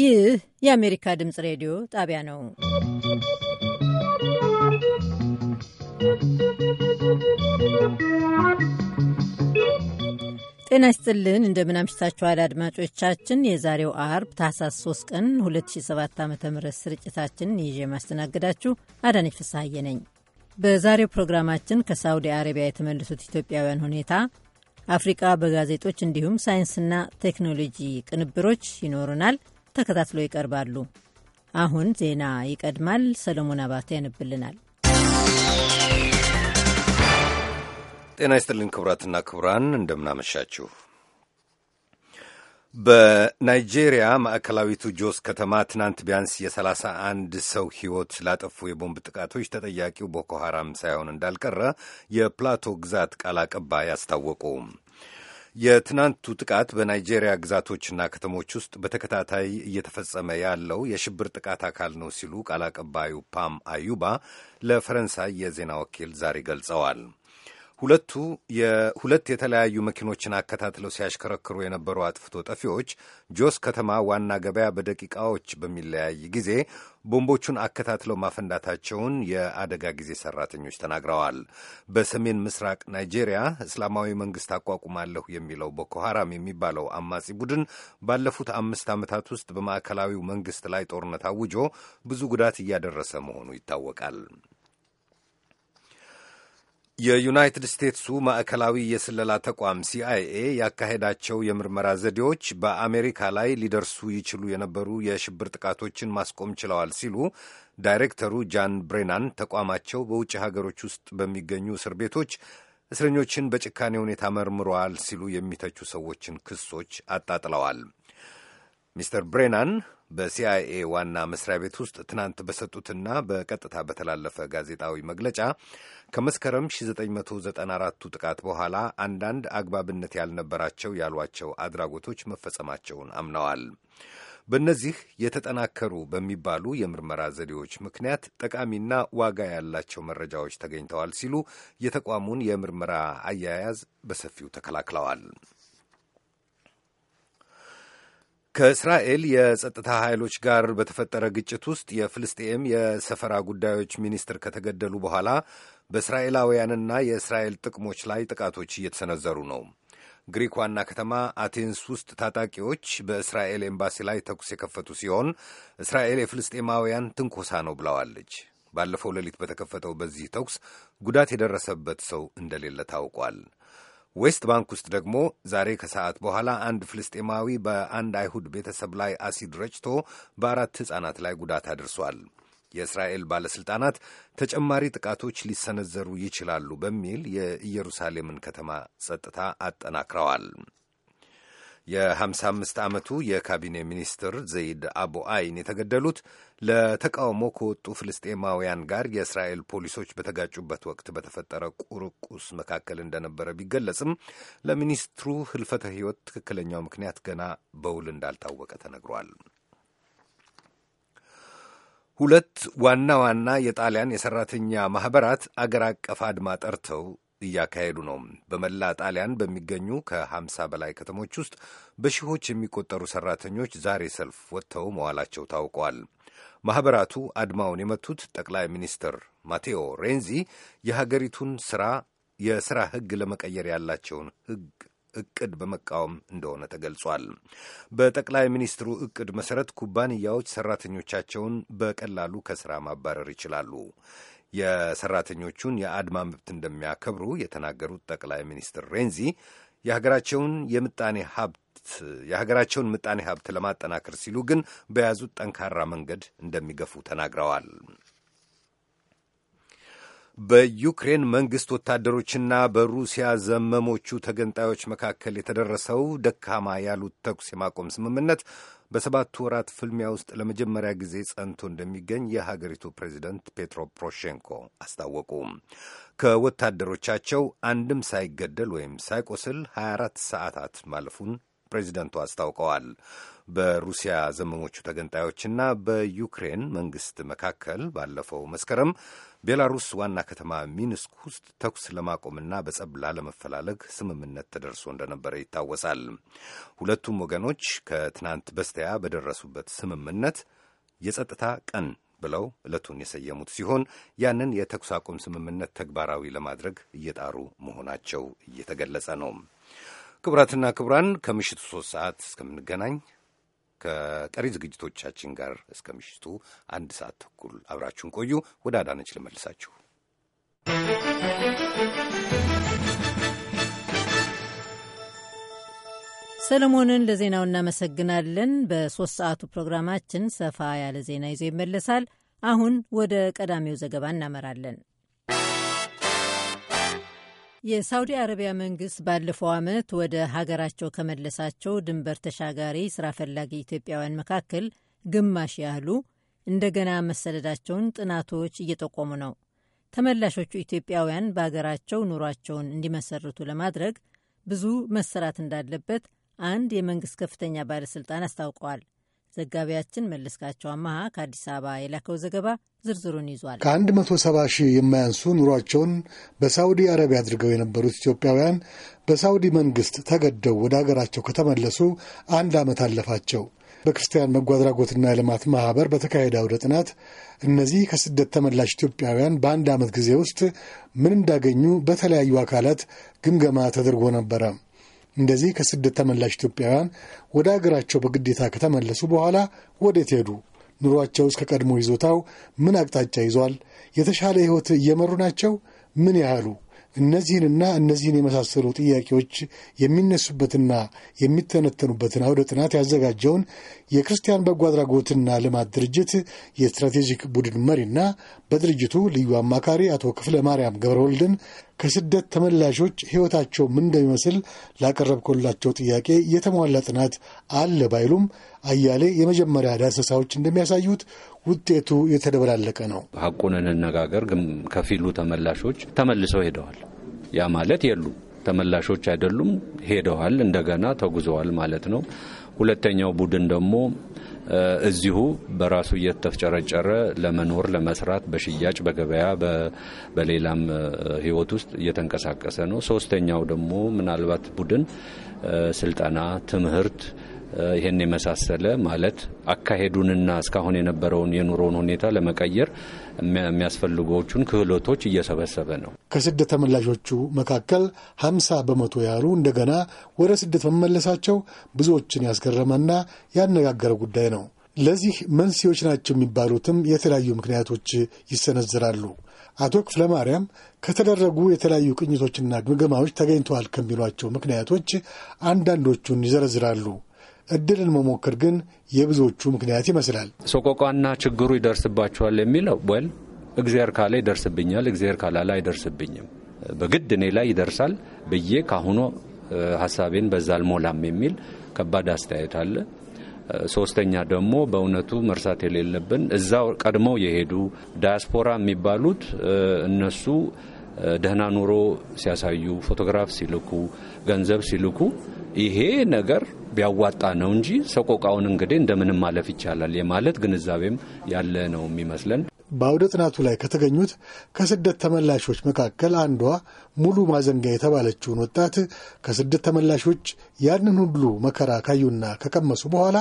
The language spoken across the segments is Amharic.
ይህ የአሜሪካ ድምፅ ሬዲዮ ጣቢያ ነው። ጤና ይስጥልን እንደምን አምሽታችኋል አድማጮቻችን። የዛሬው አርብ ታህሳስ 3 ቀን 2007 ዓ ም ስርጭታችንን ይዤ የማስተናግዳችሁ አዳነች ፍስሐዬ ነኝ። በዛሬው ፕሮግራማችን ከሳውዲ አረቢያ የተመለሱት ኢትዮጵያውያን ሁኔታ፣ አፍሪቃ በጋዜጦች እንዲሁም ሳይንስና ቴክኖሎጂ ቅንብሮች ይኖሩናል፣ ተከታትሎ ይቀርባሉ። አሁን ዜና ይቀድማል። ሰለሞን አባተ ያነብልናል። ጤና ይስጥልን ክቡራትና ክቡራን፣ እንደምናመሻችሁ በናይጄሪያ ማዕከላዊቱ ጆስ ከተማ ትናንት ቢያንስ የሰላሳ አንድ ሰው ሕይወት ላጠፉ የቦምብ ጥቃቶች ተጠያቂው ቦኮ ሐራም ሳይሆን እንዳልቀረ የፕላቶ ግዛት ቃል አቀባይ አስታወቁ። የትናንቱ ጥቃት በናይጄሪያ ግዛቶችና ከተሞች ውስጥ በተከታታይ እየተፈጸመ ያለው የሽብር ጥቃት አካል ነው ሲሉ ቃል አቀባዩ ፓም አዩባ ለፈረንሳይ የዜና ወኪል ዛሬ ገልጸዋል። ሁለቱ የሁለት የተለያዩ መኪኖችን አከታትለው ሲያሽከረክሩ የነበሩ አጥፍቶ ጠፊዎች ጆስ ከተማ ዋና ገበያ በደቂቃዎች በሚለያይ ጊዜ ቦምቦቹን አከታትለው ማፈንዳታቸውን የአደጋ ጊዜ ሰራተኞች ተናግረዋል። በሰሜን ምስራቅ ናይጄሪያ እስላማዊ መንግስት አቋቁማለሁ የሚለው ቦኮ ሐራም የሚባለው አማጺ ቡድን ባለፉት አምስት ዓመታት ውስጥ በማዕከላዊው መንግስት ላይ ጦርነት አውጆ ብዙ ጉዳት እያደረሰ መሆኑ ይታወቃል። የዩናይትድ ስቴትሱ ማዕከላዊ የስለላ ተቋም ሲአይኤ ያካሄዳቸው የምርመራ ዘዴዎች በአሜሪካ ላይ ሊደርሱ ይችሉ የነበሩ የሽብር ጥቃቶችን ማስቆም ችለዋል ሲሉ ዳይሬክተሩ ጃን ብሬናን ተቋማቸው በውጭ ሀገሮች ውስጥ በሚገኙ እስር ቤቶች እስረኞችን በጭካኔ ሁኔታ መርምረዋል ሲሉ የሚተቹ ሰዎችን ክሶች አጣጥለዋል። ሚስተር ብሬናን በሲአይኤ ዋና መስሪያ ቤት ውስጥ ትናንት በሰጡትና በቀጥታ በተላለፈ ጋዜጣዊ መግለጫ ከመስከረም 1994ቱ ጥቃት በኋላ አንዳንድ አግባብነት ያልነበራቸው ያሏቸው አድራጎቶች መፈጸማቸውን አምነዋል። በእነዚህ የተጠናከሩ በሚባሉ የምርመራ ዘዴዎች ምክንያት ጠቃሚና ዋጋ ያላቸው መረጃዎች ተገኝተዋል ሲሉ የተቋሙን የምርመራ አያያዝ በሰፊው ተከላክለዋል። ከእስራኤል የጸጥታ ኃይሎች ጋር በተፈጠረ ግጭት ውስጥ የፍልስጤም የሰፈራ ጉዳዮች ሚኒስትር ከተገደሉ በኋላ በእስራኤላውያንና የእስራኤል ጥቅሞች ላይ ጥቃቶች እየተሰነዘሩ ነው። ግሪክ ዋና ከተማ አቴንስ ውስጥ ታጣቂዎች በእስራኤል ኤምባሲ ላይ ተኩስ የከፈቱ ሲሆን እስራኤል የፍልስጤማውያን ትንኮሳ ነው ብለዋለች። ባለፈው ሌሊት በተከፈተው በዚህ ተኩስ ጉዳት የደረሰበት ሰው እንደሌለ ታውቋል። ዌስት ባንክ ውስጥ ደግሞ ዛሬ ከሰዓት በኋላ አንድ ፍልስጤማዊ በአንድ አይሁድ ቤተሰብ ላይ አሲድ ረጭቶ በአራት ሕፃናት ላይ ጉዳት አድርሷል። የእስራኤል ባለሥልጣናት ተጨማሪ ጥቃቶች ሊሰነዘሩ ይችላሉ በሚል የኢየሩሳሌምን ከተማ ጸጥታ አጠናክረዋል። የ55 ዓመቱ የካቢኔ ሚኒስትር ዘይድ አቡ አይን የተገደሉት ለተቃውሞ ከወጡ ፍልስጤማውያን ጋር የእስራኤል ፖሊሶች በተጋጩበት ወቅት በተፈጠረ ቁርቁስ መካከል እንደነበረ ቢገለጽም ለሚኒስትሩ ህልፈተ ሕይወት ትክክለኛው ምክንያት ገና በውል እንዳልታወቀ ተነግሯል። ሁለት ዋና ዋና የጣሊያን የሰራተኛ ማኅበራት አገር አቀፍ አድማ ጠርተው እያካሄዱ ነው። በመላ ጣሊያን በሚገኙ ከ በላይ ከተሞች ውስጥ በሺዎች የሚቆጠሩ ሰራተኞች ዛሬ ሰልፍ ወጥተው መዋላቸው ታውቋል። ማኅበራቱ አድማውን የመቱት ጠቅላይ ሚኒስትር ማቴዎ ሬንዚ የሀገሪቱን ስራ የሥራ ሕግ ለመቀየር ያላቸውን ሕግ እቅድ በመቃወም እንደሆነ ተገልጿል። በጠቅላይ ሚኒስትሩ እቅድ መሠረት ኩባንያዎች ሰራተኞቻቸውን በቀላሉ ከሥራ ማባረር ይችላሉ። የሰራተኞቹን የአድማ መብት እንደሚያከብሩ የተናገሩት ጠቅላይ ሚኒስትር ሬንዚ የሀገራቸውን የምጣኔ ሀብት የሀገራቸውን ምጣኔ ሀብት ለማጠናከር ሲሉ ግን በያዙት ጠንካራ መንገድ እንደሚገፉ ተናግረዋል። በዩክሬን መንግሥት ወታደሮችና በሩሲያ ዘመሞቹ ተገንጣዮች መካከል የተደረሰው ደካማ ያሉት ተኩስ የማቆም ስምምነት በሰባቱ ወራት ፍልሚያ ውስጥ ለመጀመሪያ ጊዜ ጸንቶ እንደሚገኝ የሀገሪቱ ፕሬዚደንት ፔትሮ ፖሮሼንኮ አስታወቁ። ከወታደሮቻቸው አንድም ሳይገደል ወይም ሳይቆስል 24 ሰዓታት ማለፉን ፕሬዚደንቱ አስታውቀዋል። በሩሲያ ዘመሞቹ ተገንጣዮችና በዩክሬን መንግስት መካከል ባለፈው መስከረም ቤላሩስ ዋና ከተማ ሚንስክ ውስጥ ተኩስ ለማቆምና በጸብ ላለመፈላለግ ስምምነት ተደርሶ እንደነበረ ይታወሳል። ሁለቱም ወገኖች ከትናንት በስቲያ በደረሱበት ስምምነት የጸጥታ ቀን ብለው ዕለቱን የሰየሙት ሲሆን ያንን የተኩስ አቁም ስምምነት ተግባራዊ ለማድረግ እየጣሩ መሆናቸው እየተገለጸ ነው። ክቡራትና ክቡራን ከምሽቱ ሶስት ሰዓት እስከምንገናኝ ከቀሪ ዝግጅቶቻችን ጋር እስከ ምሽቱ አንድ ሰዓት ተኩል አብራችሁን ቆዩ። ወደ አዳነች ልመልሳችሁ። ሰለሞንን ለዜናው እናመሰግናለን። በሶስት ሰዓቱ ፕሮግራማችን ሰፋ ያለ ዜና ይዞ ይመለሳል። አሁን ወደ ቀዳሚው ዘገባ እናመራለን። የሳውዲ አረቢያ መንግስት ባለፈው ዓመት ወደ ሀገራቸው ከመለሳቸው ድንበር ተሻጋሪ ስራ ፈላጊ ኢትዮጵያውያን መካከል ግማሽ ያህሉ እንደገና መሰደዳቸውን ጥናቶች እየጠቆሙ ነው። ተመላሾቹ ኢትዮጵያውያን በሀገራቸው ኑሯቸውን እንዲመሰርቱ ለማድረግ ብዙ መሰራት እንዳለበት አንድ የመንግስት ከፍተኛ ባለሥልጣን አስታውቀዋል። ዘጋቢያችን መለስካቸው አማሃ ከአዲስ አበባ የላከው ዘገባ ዝርዝሩን ይዟል። ከአንድ መቶ ሰባ ሺህ የማያንሱ ኑሯቸውን በሳውዲ አረቢያ አድርገው የነበሩት ኢትዮጵያውያን በሳውዲ መንግስት ተገደው ወደ አገራቸው ከተመለሱ አንድ ዓመት አለፋቸው። በክርስቲያን በጎ አድራጎትና የልማት ማህበር በተካሄደ አውደ ጥናት እነዚህ ከስደት ተመላሽ ኢትዮጵያውያን በአንድ ዓመት ጊዜ ውስጥ ምን እንዳገኙ በተለያዩ አካላት ግምገማ ተደርጎ ነበረ። እንደዚህ ከስደት ተመላሽ ኢትዮጵያውያን ወደ አገራቸው በግዴታ ከተመለሱ በኋላ ወዴት ሄዱ? ኑሯቸው እስከ ቀድሞ ይዞታው ምን አቅጣጫ ይዟል? የተሻለ ሕይወት እየመሩ ናቸው? ምን ያህሉ? እነዚህንና እነዚህን የመሳሰሉ ጥያቄዎች የሚነሱበትና የሚተነተኑበትን አውደ ጥናት ያዘጋጀውን የክርስቲያን በጎ አድራጎትና ልማት ድርጅት የስትራቴጂክ ቡድን መሪና በድርጅቱ ልዩ አማካሪ አቶ ክፍለ ማርያም ገብረወልድን ከስደት ተመላሾች ሕይወታቸው ምን እንደሚመስል ላቀረብኩላቸው ጥያቄ የተሟላ ጥናት አለ ባይሉም አያሌ የመጀመሪያ ዳሰሳዎች እንደሚያሳዩት ውጤቱ የተደበላለቀ ነው። ሐቁን እንነጋገር፣ ከፊሉ ተመላሾች ተመልሰው ሄደዋል። ያ ማለት የሉ ተመላሾች አይደሉም፣ ሄደዋል፣ እንደገና ተጉዘዋል ማለት ነው። ሁለተኛው ቡድን ደግሞ እዚሁ በራሱ እየተፍጨረጨረ ለመኖር ለመስራት፣ በሽያጭ በገበያ በሌላም ህይወት ውስጥ እየተንቀሳቀሰ ነው። ሶስተኛው ደግሞ ምናልባት ቡድን ስልጠና፣ ትምህርት ይህን የመሳሰለ ማለት አካሄዱንና እስካሁን የነበረውን የኑሮውን ሁኔታ ለመቀየር የሚያስፈልጎቹን ክህሎቶች እየሰበሰበ ነው። ከስደት ተመላሾቹ መካከል ሀምሳ በመቶ ያህሉ እንደገና ወደ ስደት መመለሳቸው ብዙዎችን ያስገረመና ያነጋገረ ጉዳይ ነው። ለዚህ መንስኤዎች ናቸው የሚባሉትም የተለያዩ ምክንያቶች ይሰነዝራሉ። አቶ ክፍለ ማርያም ከተደረጉ የተለያዩ ቅኝቶችና ግምገማዎች ተገኝተዋል ከሚሏቸው ምክንያቶች አንዳንዶቹን ይዘረዝራሉ። እድልን መሞከር ግን የብዙዎቹ ምክንያት ይመስላል። ሰቆቃና ችግሩ ይደርስባቸዋል የሚለው ወል እግዚአብሔር ካለ ይደርስብኛል፣ እግዚአብሔር ካላለ አይደርስብኝም፣ በግድ እኔ ላይ ይደርሳል ብዬ ካሁኑ ሀሳቤን በዛ አልሞላም የሚል ከባድ አስተያየት አለ። ሶስተኛ ደግሞ በእውነቱ መርሳት የሌለብን እዛው ቀድመው የሄዱ ዳያስፖራ የሚባሉት እነሱ ደህና ኑሮ ሲያሳዩ ፎቶግራፍ ሲልኩ፣ ገንዘብ ሲልኩ ይሄ ነገር ቢያዋጣ ነው እንጂ ሰቆቃውን እንግዲህ እንደምንም ማለፍ ይቻላል የማለት ግንዛቤም ያለ ነው የሚመስለን። በአውደ ጥናቱ ላይ ከተገኙት ከስደት ተመላሾች መካከል አንዷ ሙሉ ማዘንጋ የተባለችውን ወጣት ከስደት ተመላሾች ያንን ሁሉ መከራ ካዩና ከቀመሱ በኋላ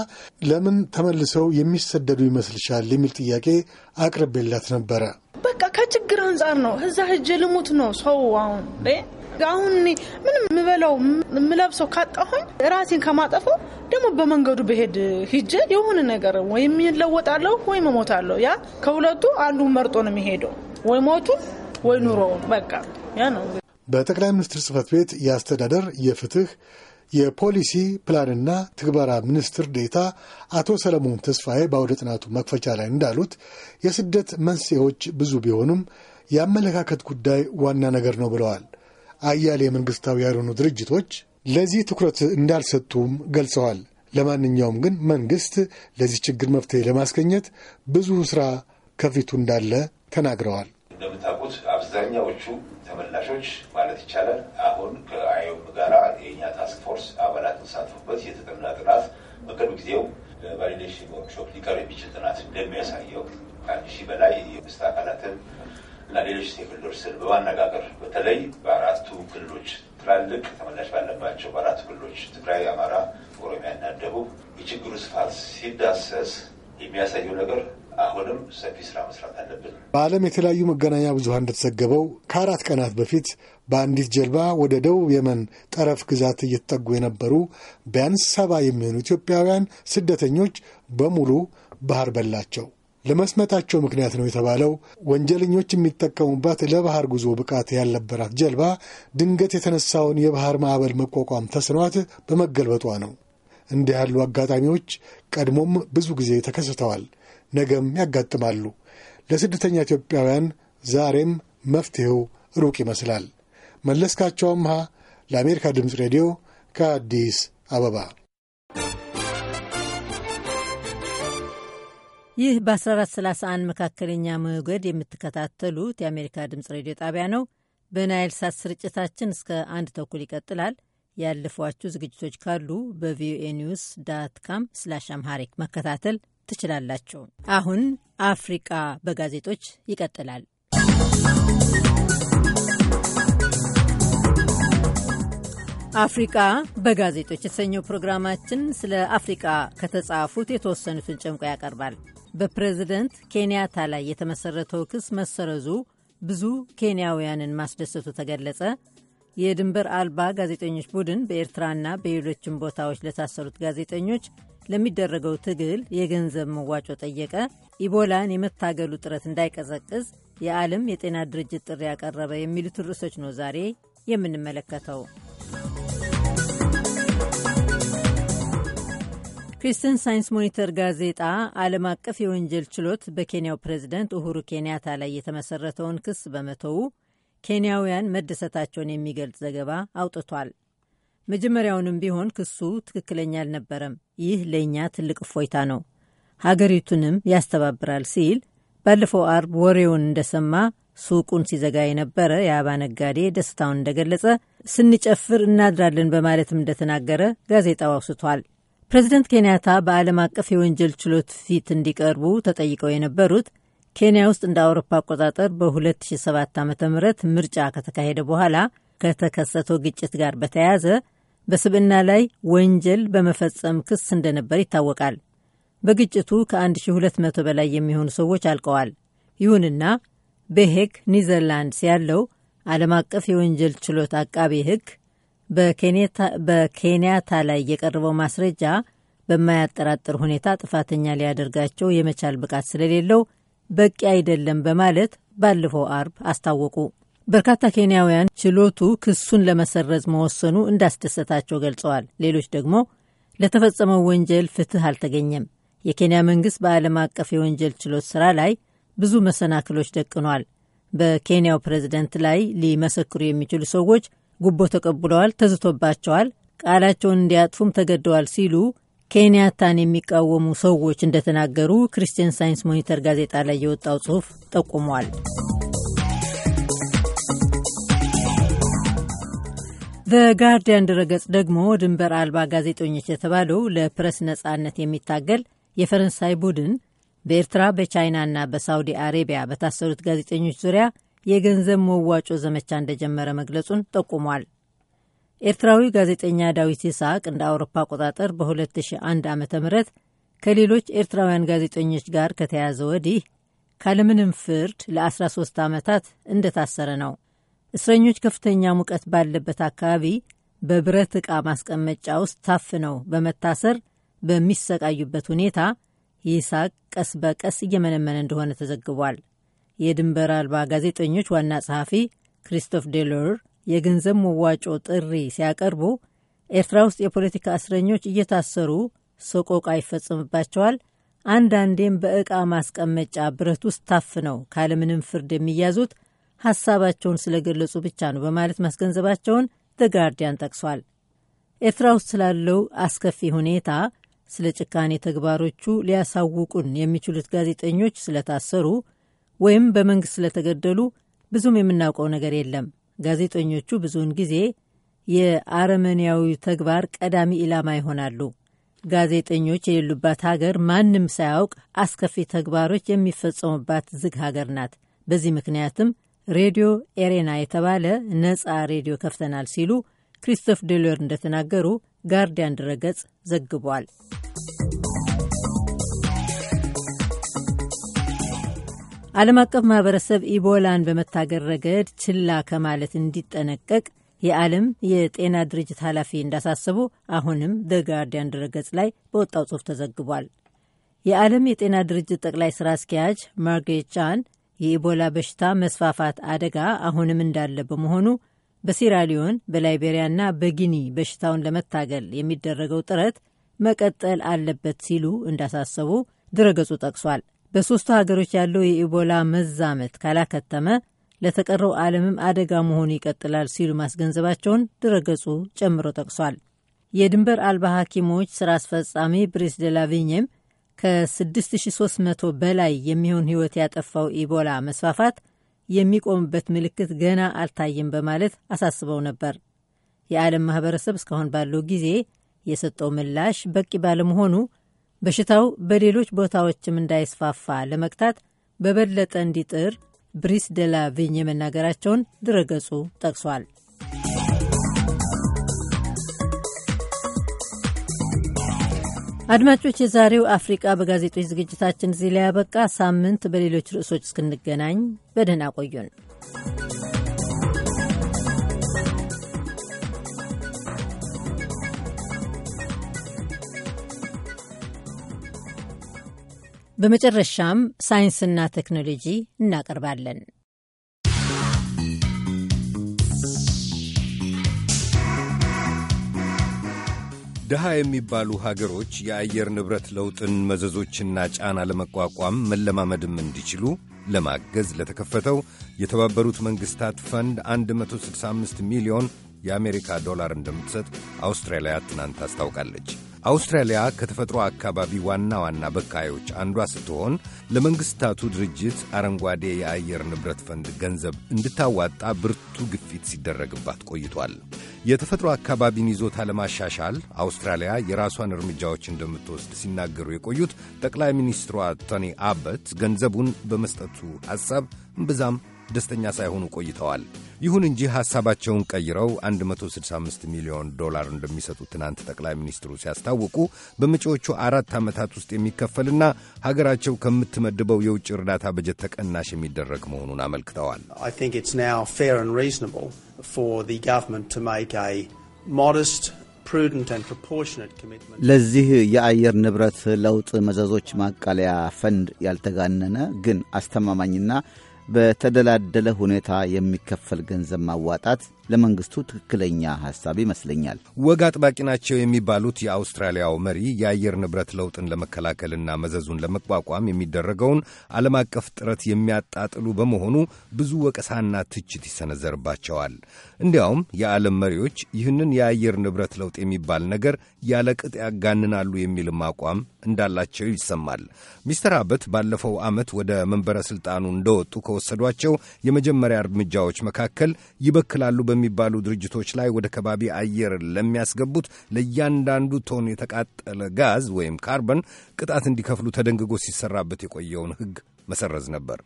ለምን ተመልሰው የሚሰደዱ ይመስልሻል የሚል ጥያቄ አቅርቤላት ነበረ። በቃ ከችግር አንጻር ነው። እዛ ሂጄ ልሙት ነው ሰው አሁን አሁን ምንም የምበላው የምለብሰው ካጣሁኝ ራሴን ከማጠፈው ደግሞ በመንገዱ በሄድ ሂጄ የሆነ ነገር ወይም ይለወጣለሁ ወይም እሞታለሁ። ያ ከሁለቱ አንዱ መርጦ ነው የሚሄደው ወይ ሞቱን ወይ ኑሮውን። በቃ ያ ነው። በጠቅላይ ሚኒስትር ጽህፈት ቤት የአስተዳደር የፍትህ የፖሊሲ ፕላንና ትግበራ ሚኒስትር ዴታ አቶ ሰለሞን ተስፋዬ በአውደ ጥናቱ መክፈቻ ላይ እንዳሉት የስደት መንስኤዎች ብዙ ቢሆኑም የአመለካከት ጉዳይ ዋና ነገር ነው ብለዋል። አያሌ መንግስታዊ ያልሆኑ ድርጅቶች ለዚህ ትኩረት እንዳልሰጡም ገልጸዋል። ለማንኛውም ግን መንግስት ለዚህ ችግር መፍትሄ ለማስገኘት ብዙ ስራ ከፊቱ እንዳለ ተናግረዋል። እንደምታውቁት አብዛኛዎቹ ተመላሾች ማለት ይቻላል አሁን ከአዮም ጋራ የኛ ታስክ ፎርስ አባላት ተሳትፉበት የተጠና ጥናት በቅርብ ጊዜው ቫሊዴሽን ወርክሾፕ ሊቀር የሚችል ጥናት እንደሚያሳየው ከአንድ ሺህ በላይ የመንግስት አካላትን ለሌሎች ስቴክሎች ስል በማነጋገር በተለይ በአራቱ ክልሎች ትላልቅ ተመላሽ ባለባቸው በአራቱ ክልሎች ትግራይ፣ አማራ፣ ኦሮሚያ እና ደቡብ የችግሩ ስፋት ሲዳሰስ የሚያሳየው ነገር አሁንም ሰፊ ስራ መስራት አለብን። በዓለም የተለያዩ መገናኛ ብዙሀን እንደተዘገበው ከአራት ቀናት በፊት በአንዲት ጀልባ ወደ ደቡብ የመን ጠረፍ ግዛት እየተጠጉ የነበሩ ቢያንስ ሰባ የሚሆኑ ኢትዮጵያውያን ስደተኞች በሙሉ ባህር በላቸው። ለመስመጣቸው ምክንያት ነው የተባለው ወንጀለኞች የሚጠቀሙባት ለባህር ጉዞ ብቃት ያልነበራት ጀልባ ድንገት የተነሳውን የባህር ማዕበል መቋቋም ተስኗት በመገልበጧ ነው። እንዲህ ያሉ አጋጣሚዎች ቀድሞም ብዙ ጊዜ ተከስተዋል፣ ነገም ያጋጥማሉ። ለስደተኛ ኢትዮጵያውያን ዛሬም መፍትሄው ሩቅ ይመስላል። መለስካቸው አምሃ ለአሜሪካ ድምፅ ሬዲዮ ከአዲስ አበባ ይህ በ1431 መካከለኛ ሞገድ የምትከታተሉት የአሜሪካ ድምፅ ሬዲዮ ጣቢያ ነው። በናይል ሳት ስርጭታችን እስከ አንድ ተኩል ይቀጥላል። ያለፏችሁ ዝግጅቶች ካሉ በቪኦኤ ኒውስ ዳት ካም ስላሽ አምሃሪክ መከታተል ትችላላችሁ። አሁን አፍሪቃ በጋዜጦች ይቀጥላል። አፍሪቃ በጋዜጦች የተሰኘው ፕሮግራማችን ስለ አፍሪቃ ከተጻፉት የተወሰኑትን ጨምቆ ያቀርባል። በፕሬዝደንት ኬንያታ ላይ የተመሰረተው ክስ መሰረዙ ብዙ ኬንያውያንን ማስደሰቱ ተገለጸ። የድንበር አልባ ጋዜጠኞች ቡድን በኤርትራና በሌሎችም ቦታዎች ለታሰሩት ጋዜጠኞች ለሚደረገው ትግል የገንዘብ መዋጮ ጠየቀ። ኢቦላን የመታገሉ ጥረት እንዳይቀዘቅዝ የዓለም የጤና ድርጅት ጥሪ ያቀረበ የሚሉትን ርዕሶች ነው ዛሬ የምንመለከተው። ክሪስትን ሳይንስ ሞኒተር ጋዜጣ ዓለም አቀፍ የወንጀል ችሎት በኬንያው ፕሬዝደንት ኡሁሩ ኬንያታ ላይ የተመሰረተውን ክስ በመተው ኬንያውያን መደሰታቸውን የሚገልጽ ዘገባ አውጥቷል። መጀመሪያውንም ቢሆን ክሱ ትክክለኛ አልነበረም፣ ይህ ለእኛ ትልቅ እፎይታ ነው፣ ሀገሪቱንም ያስተባብራል ሲል ባለፈው አርብ ወሬውን እንደሰማ ሱቁን ሲዘጋ የነበረ የአባ ነጋዴ ደስታውን እንደገለጸ ስንጨፍር እናድራለን በማለትም እንደተናገረ ጋዜጣው አውስቷል። ፕሬዚደንት ኬንያታ በዓለም አቀፍ የወንጀል ችሎት ፊት እንዲቀርቡ ተጠይቀው የነበሩት ኬንያ ውስጥ እንደ አውሮፓ አቆጣጠር በ2007 ዓ ም ምርጫ ከተካሄደ በኋላ ከተከሰተው ግጭት ጋር በተያያዘ በስብና ላይ ወንጀል በመፈጸም ክስ እንደነበር ይታወቃል። በግጭቱ ከ1200 በላይ የሚሆኑ ሰዎች አልቀዋል። ይሁንና በሄግ ኒዘርላንድስ ያለው ዓለም አቀፍ የወንጀል ችሎት አቃቤ ሕግ በኬንያታ ላይ የቀረበው ማስረጃ በማያጠራጥር ሁኔታ ጥፋተኛ ሊያደርጋቸው የመቻል ብቃት ስለሌለው በቂ አይደለም በማለት ባለፈው አርብ አስታወቁ። በርካታ ኬንያውያን ችሎቱ ክሱን ለመሰረዝ መወሰኑ እንዳስደሰታቸው ገልጸዋል። ሌሎች ደግሞ ለተፈጸመው ወንጀል ፍትህ አልተገኘም፣ የኬንያ መንግስት በዓለም አቀፍ የወንጀል ችሎት ስራ ላይ ብዙ መሰናክሎች ደቅኗል፣ በኬንያው ፕሬዝደንት ላይ ሊመሰክሩ የሚችሉ ሰዎች ጉቦ ተቀብለዋል፣ ተዝቶባቸዋል፣ ቃላቸውን እንዲያጥፉም ተገደዋል ሲሉ ኬንያታን የሚቃወሙ ሰዎች እንደተናገሩ ክርስቲያን ሳይንስ ሞኒተር ጋዜጣ ላይ የወጣው ጽሑፍ ጠቁሟል። በጋርዲያን ድረገጽ ደግሞ ድንበር አልባ ጋዜጠኞች የተባለው ለፕረስ ነጻነት የሚታገል የፈረንሳይ ቡድን በኤርትራ በቻይናና በሳውዲ አሬቢያ በታሰሩት ጋዜጠኞች ዙሪያ የገንዘብ መዋጮ ዘመቻ እንደጀመረ መግለጹን ጠቁሟል። ኤርትራዊ ጋዜጠኛ ዳዊት ይስሐቅ እንደ አውሮፓ አቆጣጠር በ2001 ዓ ም ከሌሎች ኤርትራውያን ጋዜጠኞች ጋር ከተያዘ ወዲህ ካለምንም ፍርድ ለ13 ዓመታት እንደታሰረ ነው። እስረኞች ከፍተኛ ሙቀት ባለበት አካባቢ በብረት ዕቃ ማስቀመጫ ውስጥ ታፍነው በመታሰር በሚሰቃዩበት ሁኔታ ይስሐቅ ቀስ በቀስ እየመነመነ እንደሆነ ተዘግቧል። የድንበር አልባ ጋዜጠኞች ዋና ጸሐፊ ክሪስቶፍ ዴሎር የገንዘብ መዋጮ ጥሪ ሲያቀርቡ ኤርትራ ውስጥ የፖለቲካ እስረኞች እየታሰሩ ሰቆቃ ይፈጸምባቸዋል፣ አንዳንዴም በዕቃ ማስቀመጫ ብረት ውስጥ ታፍነው ካለምንም ፍርድ የሚያዙት ሐሳባቸውን ስለገለጹ ብቻ ነው በማለት ማስገንዘባቸውን ዘ ጋርዲያን ጠቅሷል። ኤርትራ ውስጥ ስላለው አስከፊ ሁኔታ፣ ስለ ጭካኔ ተግባሮቹ ሊያሳውቁን የሚችሉት ጋዜጠኞች ስለታሰሩ ወይም በመንግሥት ስለተገደሉ ብዙም የምናውቀው ነገር የለም። ጋዜጠኞቹ ብዙውን ጊዜ የአረመኔያዊ ተግባር ቀዳሚ ኢላማ ይሆናሉ። ጋዜጠኞች የሌሉባት ሀገር ማንም ሳያውቅ አስከፊ ተግባሮች የሚፈጸሙባት ዝግ ሀገር ናት። በዚህ ምክንያትም ሬዲዮ ኤሬና የተባለ ነጻ ሬዲዮ ከፍተናል ሲሉ ክሪስቶፍ ዴሎር እንደተናገሩ ጋርዲያን ድረገጽ ዘግቧል። ዓለም አቀፍ ማህበረሰብ ኢቦላን በመታገር ረገድ ችላ ከማለት እንዲጠነቀቅ የዓለም የጤና ድርጅት ኃላፊ እንዳሳሰቡ አሁንም ደ ጋርዲያን ድረገጽ ላይ በወጣው ጽሑፍ ተዘግቧል። የዓለም የጤና ድርጅት ጠቅላይ ሥራ አስኪያጅ ማርግሬት ቻን የኢቦላ በሽታ መስፋፋት አደጋ አሁንም እንዳለ በመሆኑ በሲራሊዮን በላይቤሪያና በጊኒ በሽታውን ለመታገል የሚደረገው ጥረት መቀጠል አለበት ሲሉ እንዳሳሰቡ ድረገጹ ጠቅሷል። በሦስቱ ሀገሮች ያለው የኢቦላ መዛመት ካላከተመ ለተቀረው ዓለምም አደጋ መሆኑ ይቀጥላል ሲሉ ማስገንዘባቸውን ድረገጹ ጨምሮ ጠቅሷል። የድንበር አልባ ሐኪሞች ሥራ አስፈጻሚ ብሪስ ደላቪኝም ከ6300 በላይ የሚሆን ሕይወት ያጠፋው ኢቦላ መስፋፋት የሚቆምበት ምልክት ገና አልታየም በማለት አሳስበው ነበር። የዓለም ማኅበረሰብ እስካሁን ባለው ጊዜ የሰጠው ምላሽ በቂ ባለመሆኑ በሽታው በሌሎች ቦታዎችም እንዳይስፋፋ ለመግታት በበለጠ እንዲጥር ብሪስ ደላ ቬኝ መናገራቸውን ድረገጹ ጠቅሷል። አድማጮች፣ የዛሬው አፍሪቃ በጋዜጦች ዝግጅታችን እዚህ ላይ ያበቃ። ሳምንት በሌሎች ርዕሶች እስክንገናኝ በደህና ቆዩን። በመጨረሻም ሳይንስና ቴክኖሎጂ እናቀርባለን። ድሃ የሚባሉ ሀገሮች የአየር ንብረት ለውጥን መዘዞችና ጫና ለመቋቋም መለማመድም እንዲችሉ ለማገዝ ለተከፈተው የተባበሩት መንግሥታት ፈንድ 165 ሚሊዮን የአሜሪካ ዶላር እንደምትሰጥ አውስትራሊያ ትናንት አስታውቃለች። አውስትራሊያ ከተፈጥሮ አካባቢ ዋና ዋና በካዮች አንዷ ስትሆን ለመንግሥታቱ ድርጅት አረንጓዴ የአየር ንብረት ፈንድ ገንዘብ እንድታዋጣ ብርቱ ግፊት ሲደረግባት ቆይቷል። የተፈጥሮ አካባቢን ይዞታ ለማሻሻል አውስትራሊያ የራሷን እርምጃዎች እንደምትወስድ ሲናገሩ የቆዩት ጠቅላይ ሚኒስትሯ ቶኒ አበት ገንዘቡን በመስጠቱ ሐሳብ እምብዛም ደስተኛ ሳይሆኑ ቆይተዋል። ይሁን እንጂ ሐሳባቸውን ቀይረው 165 ሚሊዮን ዶላር እንደሚሰጡ ትናንት ጠቅላይ ሚኒስትሩ ሲያስታውቁ በመጪዎቹ አራት ዓመታት ውስጥ የሚከፈልና ሀገራቸው ከምትመድበው የውጭ እርዳታ በጀት ተቀናሽ የሚደረግ መሆኑን አመልክተዋል። ለዚህ የአየር ንብረት ለውጥ መዘዞች ማቃለያ ፈንድ ያልተጋነነ ግን አስተማማኝና በተደላደለ ሁኔታ የሚከፈል ገንዘብ ማዋጣት ለመንግስቱ ትክክለኛ ሐሳብ ይመስለኛል። ወግ አጥባቂ ናቸው የሚባሉት የአውስትራሊያው መሪ የአየር ንብረት ለውጥን ለመከላከልና መዘዙን ለመቋቋም የሚደረገውን ዓለም አቀፍ ጥረት የሚያጣጥሉ በመሆኑ ብዙ ወቀሳና ትችት ይሰነዘርባቸዋል። እንዲያውም የዓለም መሪዎች ይህንን የአየር ንብረት ለውጥ የሚባል ነገር ያለ ቅጥ ያጋንናሉ የሚልም አቋም እንዳላቸው ይሰማል። ሚስተር አበት ባለፈው ዓመት ወደ መንበረ ሥልጣኑ እንደወጡ ከወሰዷቸው የመጀመሪያ እርምጃዎች መካከል ይበክላሉ በሚባሉ ድርጅቶች ላይ ወደ ከባቢ አየር ለሚያስገቡት ለእያንዳንዱ ቶን የተቃጠለ ጋዝ ወይም ካርበን ቅጣት እንዲከፍሉ ተደንግጎ ሲሰራበት የቆየውን ሕግ መሰረዝ ነበር።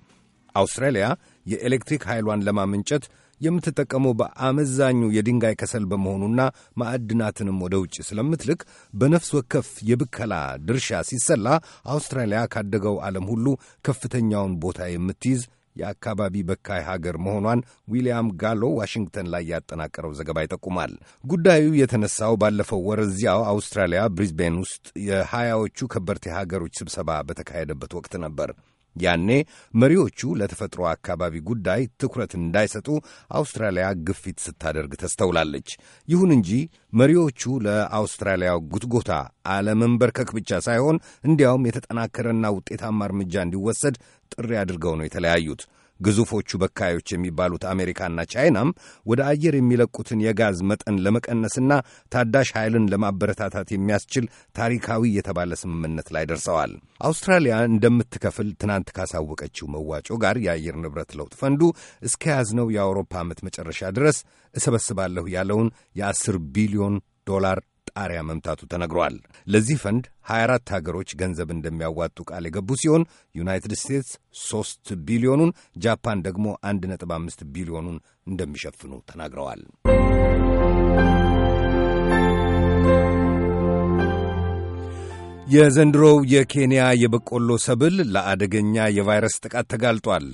አውስትራሊያ የኤሌክትሪክ ኃይሏን ለማመንጨት የምትጠቀመው በአመዛኙ የድንጋይ ከሰል በመሆኑና ማዕድናትንም ወደ ውጭ ስለምትልክ በነፍስ ወከፍ የብከላ ድርሻ ሲሰላ አውስትራሊያ ካደገው ዓለም ሁሉ ከፍተኛውን ቦታ የምትይዝ የአካባቢ በካይ ሀገር መሆኗን ዊልያም ጋሎ ዋሽንግተን ላይ ያጠናቀረው ዘገባ ይጠቁማል። ጉዳዩ የተነሳው ባለፈው ወር እዚያው አውስትራሊያ ብሪዝቤን ውስጥ የሀያዎቹ ከበርቴ ሀገሮች ስብሰባ በተካሄደበት ወቅት ነበር። ያኔ መሪዎቹ ለተፈጥሮ አካባቢ ጉዳይ ትኩረት እንዳይሰጡ አውስትራሊያ ግፊት ስታደርግ ተስተውላለች። ይሁን እንጂ መሪዎቹ ለአውስትራሊያ ጉትጎታ አለመንበርከክ ብቻ ሳይሆን እንዲያውም የተጠናከረና ውጤታማ እርምጃ እንዲወሰድ ጥሪ አድርገው ነው የተለያዩት። ግዙፎቹ በካዮች የሚባሉት አሜሪካና ቻይናም ወደ አየር የሚለቁትን የጋዝ መጠን ለመቀነስና ታዳሽ ኃይልን ለማበረታታት የሚያስችል ታሪካዊ የተባለ ስምምነት ላይ ደርሰዋል። አውስትራሊያ እንደምትከፍል ትናንት ካሳወቀችው መዋጮ ጋር የአየር ንብረት ለውጥ ፈንዱ እስከ ያዝነው የአውሮፓ ዓመት መጨረሻ ድረስ እሰበስባለሁ ያለውን የአስር ቢሊዮን ዶላር ጣሪያ መምታቱ ተነግሯል። ለዚህ ፈንድ 24 ሀገሮች ገንዘብ እንደሚያዋጡ ቃል የገቡ ሲሆን ዩናይትድ ስቴትስ 3 ቢሊዮኑን፣ ጃፓን ደግሞ 1.5 ቢሊዮኑን እንደሚሸፍኑ ተናግረዋል። የዘንድሮው የኬንያ የበቆሎ ሰብል ለአደገኛ የቫይረስ ጥቃት ተጋልጧል።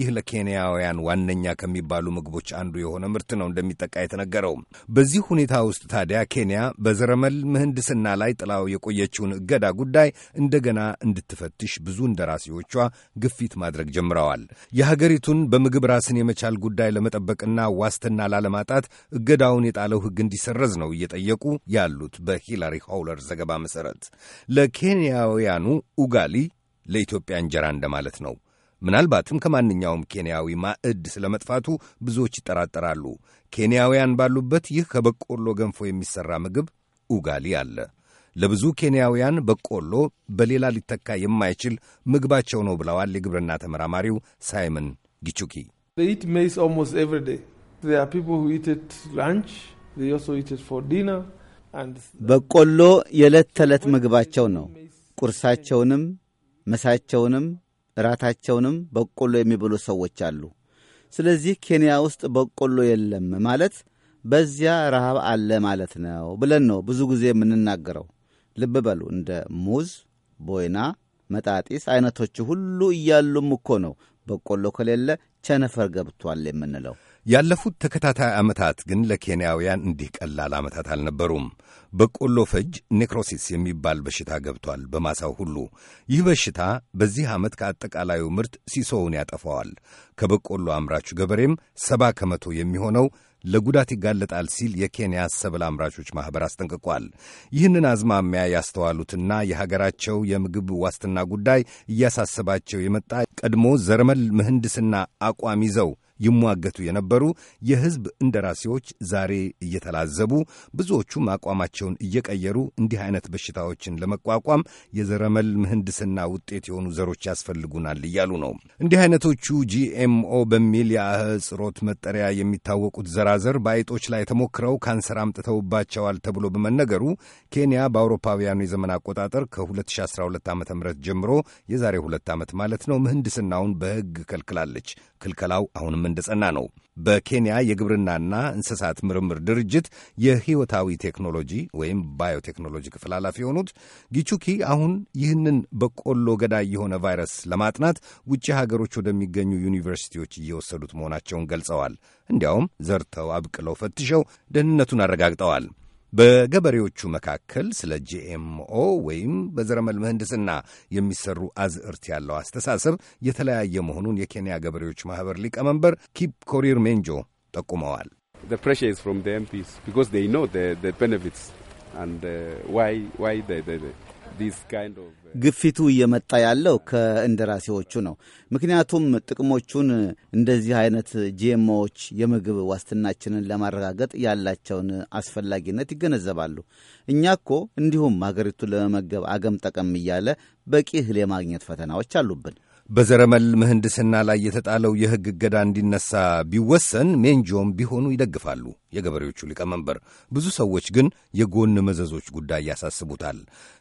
ይህ ለኬንያውያን ዋነኛ ከሚባሉ ምግቦች አንዱ የሆነ ምርት ነው እንደሚጠቃ የተነገረው። በዚህ ሁኔታ ውስጥ ታዲያ ኬንያ በዘረመል ምህንድስና ላይ ጥላው የቆየችውን እገዳ ጉዳይ እንደገና እንድትፈትሽ ብዙ እንደራሴዎቿ ግፊት ማድረግ ጀምረዋል። የሀገሪቱን በምግብ ራስን የመቻል ጉዳይ ለመጠበቅና ዋስትና ላለማጣት እገዳውን የጣለው ሕግ እንዲሰረዝ ነው እየጠየቁ ያሉት በሂላሪ ሆውለር ዘገባ መሠረት። ለኬንያውያኑ ኡጋሊ ለኢትዮጵያ እንጀራ እንደማለት ነው። ምናልባትም ከማንኛውም ኬንያዊ ማዕድ ስለ መጥፋቱ ብዙዎች ይጠራጠራሉ። ኬንያውያን ባሉበት ይህ ከበቆሎ ገንፎ የሚሠራ ምግብ ኡጋሊ አለ። ለብዙ ኬንያውያን በቆሎ በሌላ ሊተካ የማይችል ምግባቸው ነው ብለዋል የግብርና ተመራማሪው ሳይመን ጊቹኪ። በቆሎ የዕለት ተዕለት ምግባቸው ነው። ቁርሳቸውንም ምሳቸውንም እራታቸውንም በቆሎ የሚበሉ ሰዎች አሉ። ስለዚህ ኬንያ ውስጥ በቆሎ የለም ማለት በዚያ ረሃብ አለ ማለት ነው ብለን ነው ብዙ ጊዜ የምንናገረው። ልብ በሉ እንደ ሙዝ፣ ቦይና፣ መጣጢስ አይነቶቹ ሁሉ እያሉም እኮ ነው በቆሎ ከሌለ ቸነፈር ገብቷል የምንለው። ያለፉት ተከታታይ ዓመታት ግን ለኬንያውያን እንዲህ ቀላል ዓመታት አልነበሩም። በቆሎ ፈጅ ኔክሮሲስ የሚባል በሽታ ገብቷል በማሳው ሁሉ። ይህ በሽታ በዚህ ዓመት ከአጠቃላዩ ምርት ሲሶውን ያጠፋዋል። ከበቆሎ አምራቹ ገበሬም ሰባ ከመቶ የሚሆነው ለጉዳት ይጋለጣል ሲል የኬንያ ሰብል አምራቾች ማኅበር አስጠንቅቋል። ይህንን አዝማሚያ ያስተዋሉትና የሀገራቸው የምግብ ዋስትና ጉዳይ እያሳሰባቸው የመጣ ቀድሞ ዘረመል ምህንድስና አቋም ይዘው ይሟገቱ የነበሩ የሕዝብ እንደራሴዎች ዛሬ እየተላዘቡ ብዙዎቹም አቋማቸውን እየቀየሩ እንዲህ አይነት በሽታዎችን ለመቋቋም የዘረመል ምህንድስና ውጤት የሆኑ ዘሮች ያስፈልጉናል እያሉ ነው። እንዲህ አይነቶቹ ጂኤምኦ በሚል የአህጽሮት መጠሪያ የሚታወቁት ዘራዘር በአይጦች ላይ ተሞክረው ካንሰር አምጥተውባቸዋል ተብሎ በመነገሩ ኬንያ በአውሮፓውያኑ የዘመን አቆጣጠር ከ2012 ዓ ም ጀምሮ የዛሬ ሁለት ዓመት ማለት ነው ምህንድስናውን በሕግ ከልክላለች። ክልከላው አሁንም እንደጸና ነው። በኬንያ የግብርናና እንስሳት ምርምር ድርጅት የሕይወታዊ ቴክኖሎጂ ወይም ባዮቴክኖሎጂ ክፍል ኃላፊ የሆኑት ጊቹኪ አሁን ይህንን በቆሎ ገዳይ የሆነ ቫይረስ ለማጥናት ውጭ ሀገሮች ወደሚገኙ ዩኒቨርሲቲዎች እየወሰዱት መሆናቸውን ገልጸዋል። እንዲያውም ዘርተው አብቅለው ፈትሸው ደህንነቱን አረጋግጠዋል። በገበሬዎቹ መካከል ስለ ጂኤምኦ ወይም በዘረመል ምህንድስና የሚሰሩ አዝዕርት ያለው አስተሳሰብ የተለያየ መሆኑን የኬንያ ገበሬዎች ማህበር ሊቀመንበር ኪፕ ኮሪር ሜንጆ ጠቁመዋል። ግፊቱ እየመጣ ያለው ከእንደራሴዎቹ ነው። ምክንያቱም ጥቅሞቹን እንደዚህ አይነት ጂኤምኦዎች የምግብ ዋስትናችንን ለማረጋገጥ ያላቸውን አስፈላጊነት ይገነዘባሉ። እኛ እኮ እንዲሁም ሀገሪቱን ለመመገብ አገም ጠቀም እያለ በቂ እህል የማግኘት ፈተናዎች አሉብን። በዘረመል ምህንድስና ላይ የተጣለው የሕግ እገዳ እንዲነሳ ቢወሰን ሜንጆም ቢሆኑ ይደግፋሉ የገበሬዎቹ ሊቀመንበር። ብዙ ሰዎች ግን የጎን መዘዞች ጉዳይ ያሳስቡታል።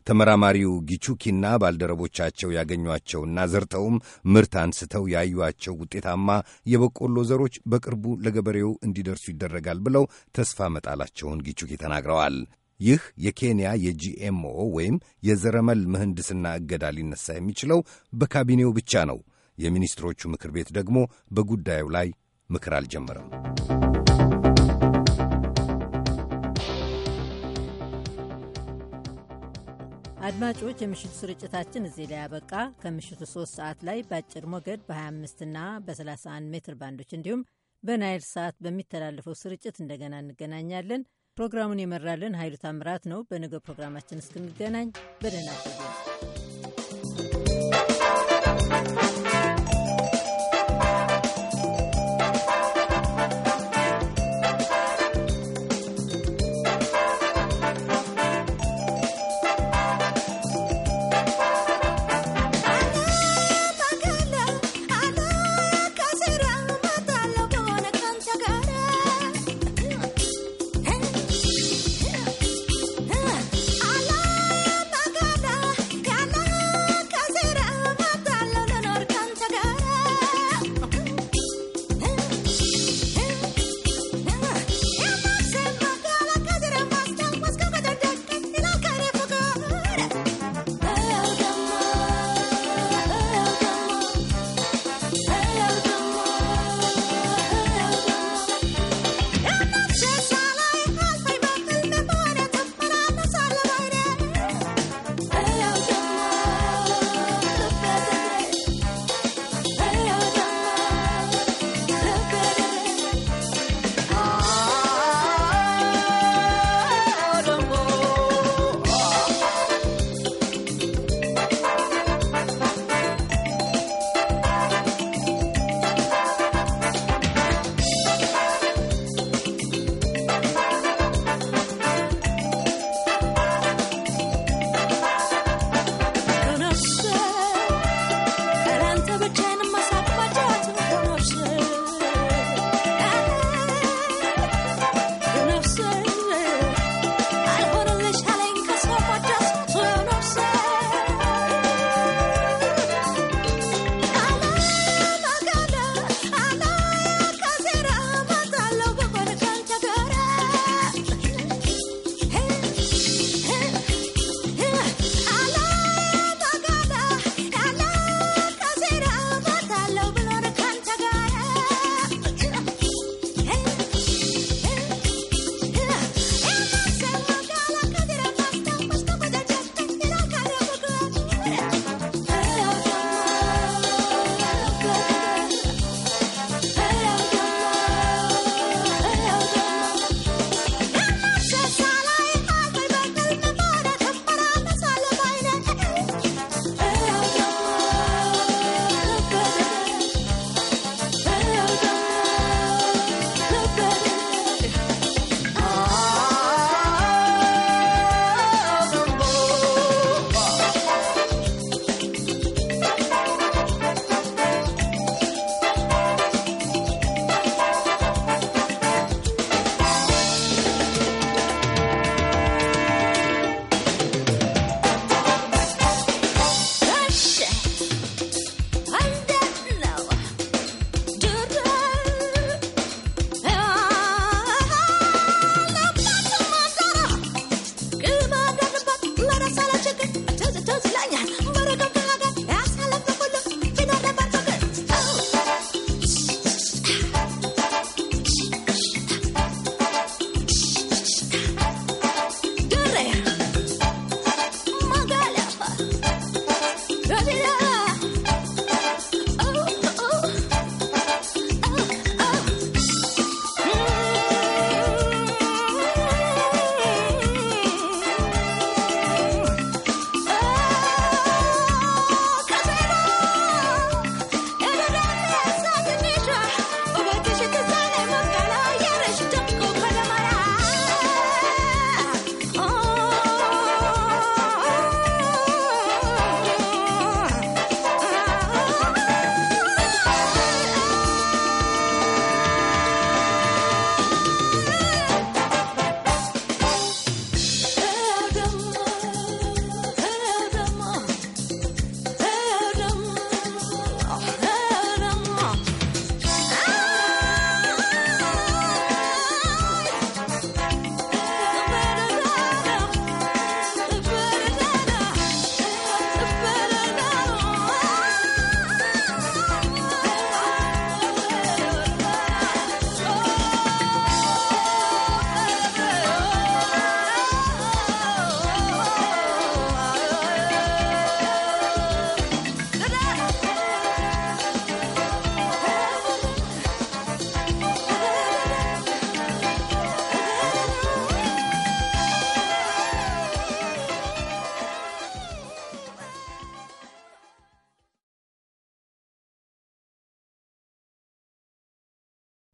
ተመራማሪው ጊቹኪና ባልደረቦቻቸው ያገኟቸውና ዘርተውም ምርት አንስተው ያዩቸው ውጤታማ የበቆሎ ዘሮች በቅርቡ ለገበሬው እንዲደርሱ ይደረጋል ብለው ተስፋ መጣላቸውን ጊቹኪ ተናግረዋል። ይህ የኬንያ የጂኤምኦ ወይም የዘረመል ምህንድስና እገዳ ሊነሳ የሚችለው በካቢኔው ብቻ ነው። የሚኒስትሮቹ ምክር ቤት ደግሞ በጉዳዩ ላይ ምክር አልጀመረም። አድማጮች፣ የምሽቱ ስርጭታችን እዚህ ላይ ያበቃ። ከምሽቱ ሶስት ሰዓት ላይ በአጭር ሞገድ በ25 እና በ31 ሜትር ባንዶች እንዲሁም በናይል ሰዓት በሚተላለፈው ስርጭት እንደገና እንገናኛለን። ፕሮግራሙን የመራልን ኃይሉ ታምራት ነው። በነገ ፕሮግራማችን እስክንገናኝ በደህና